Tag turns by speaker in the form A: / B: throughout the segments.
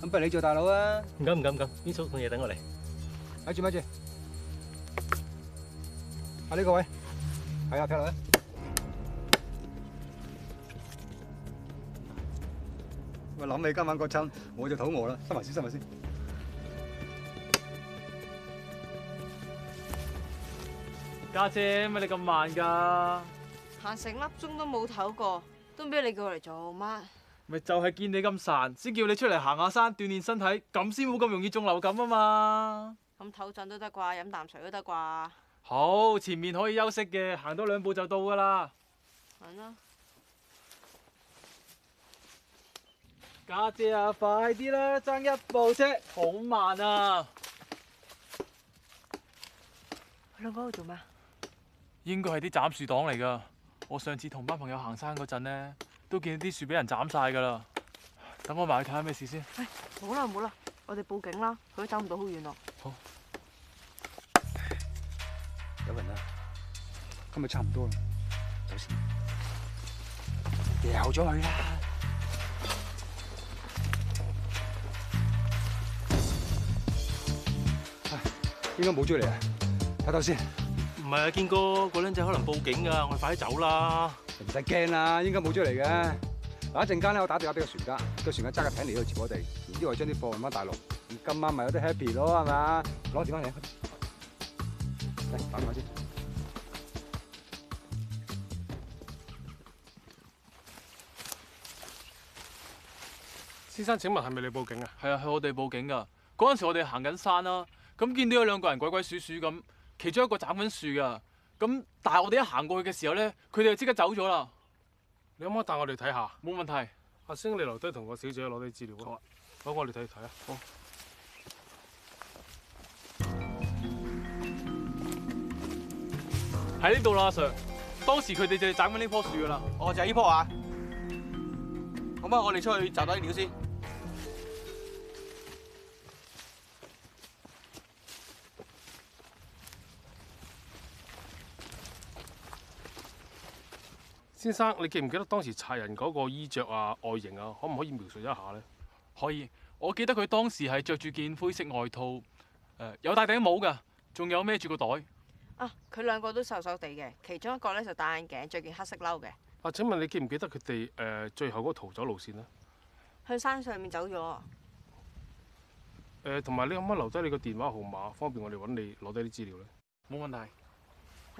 A: 咁不如你做大佬啊！唔敢唔敢唔敢，呢叔同嘢，等我嚟。睇住睇住，啊呢個位，係啊，Peter。我諗起今晚嗰餐，我就肚餓啦，收埋先，收埋先。家姐，乜你咁慢㗎？行
B: 成粒鐘都冇唞過，都唔知你叫我嚟做乜？
A: 咪就係見你咁孱，先叫你出嚟行下山鍛煉身體，咁先冇咁容易中流感啊嘛！
B: 咁唞陣都得啩？飲啖水都得啩？
A: 好，前面可以休息嘅，行多兩步就到噶啦。
B: 搵啦吧！
A: 家姐啊，快啲啦，爭一步啫，好慢啊！去嗰度做咩？應該係啲斬樹黨嚟噶，我上次同班朋友行山嗰陣呢。都見到啲樹俾人斬晒噶啦，等我埋去睇下咩事先。
B: 哎，好啦好啦，我哋報警啦，佢都走唔到好遠咯。好，有人啦，
A: 今日差唔多啦，走先。掉咗佢啦。
B: 應該冇咗嚟啊，睇睇先。唔係啊，建哥，
A: 個靚仔可能報警噶，我哋快啲走啦。唔使驚啦，應該冇出嚟嘅。嗱，一
B: 陣間咧，我打電話俾個船家，個船家揸個艇嚟到接我哋，然之後將啲貨運翻大陸。咁今晚咪有啲 happy 咯，係嘛？攞個電話，嚟打電話先。
A: 先生，請問係咪你報警啊？係啊，係我哋報警噶。嗰陣時我哋行緊山啦，咁見到有兩個人鬼鬼祟祟咁，其中一個斬緊樹噶。咁，但係我哋一行過去嘅時候咧，佢哋就即刻走咗啦。你可唔可以帶我哋睇下？冇問題。阿星，你留低同個小姐攞啲資料。好啊。咁我哋睇睇啊。好。喺呢度啦，Sir。當時佢哋就係斬緊呢棵樹噶啦。哦，就係呢棵啊。咁啊，我哋出去摘啲料先。先生，你記唔記得當時賊人嗰個衣着啊、外形啊，可唔可以描述一下呢？可以，我記得佢當時係着住件灰色外套，誒，有戴頂帽噶，仲有孭住個袋。
B: 啊，佢兩個都瘦瘦地嘅，其中一個呢就戴眼鏡，着件黑色褸嘅。
A: 啊，請問你記唔記得佢哋誒最後嗰個逃走路線呢？
B: 去山上面走咗。
A: 誒，同埋你可唔可以留低你個電話號碼，方便我哋搵你攞低啲資料呢？冇問題。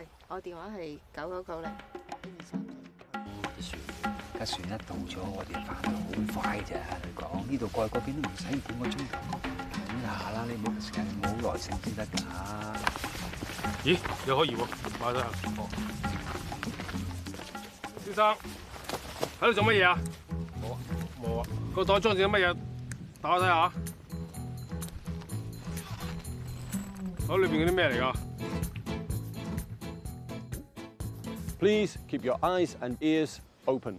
A: 係，
B: 我
A: 電話係九九九零二三。而家船一到咗，我哋返得好快咋？你講呢度過去嗰邊都唔使半個鐘頭。等下啦，你冇時間，冇耐性先得㗎。咦？有可疑喎，啊，買咗、哦、先生，喺度做乜嘢啊？冇啊，冇啊！個袋裝住乜嘢？打開睇下。
B: 嗰裏邊嗰啲咩嚟㗎？Please keep your eyes and ears open.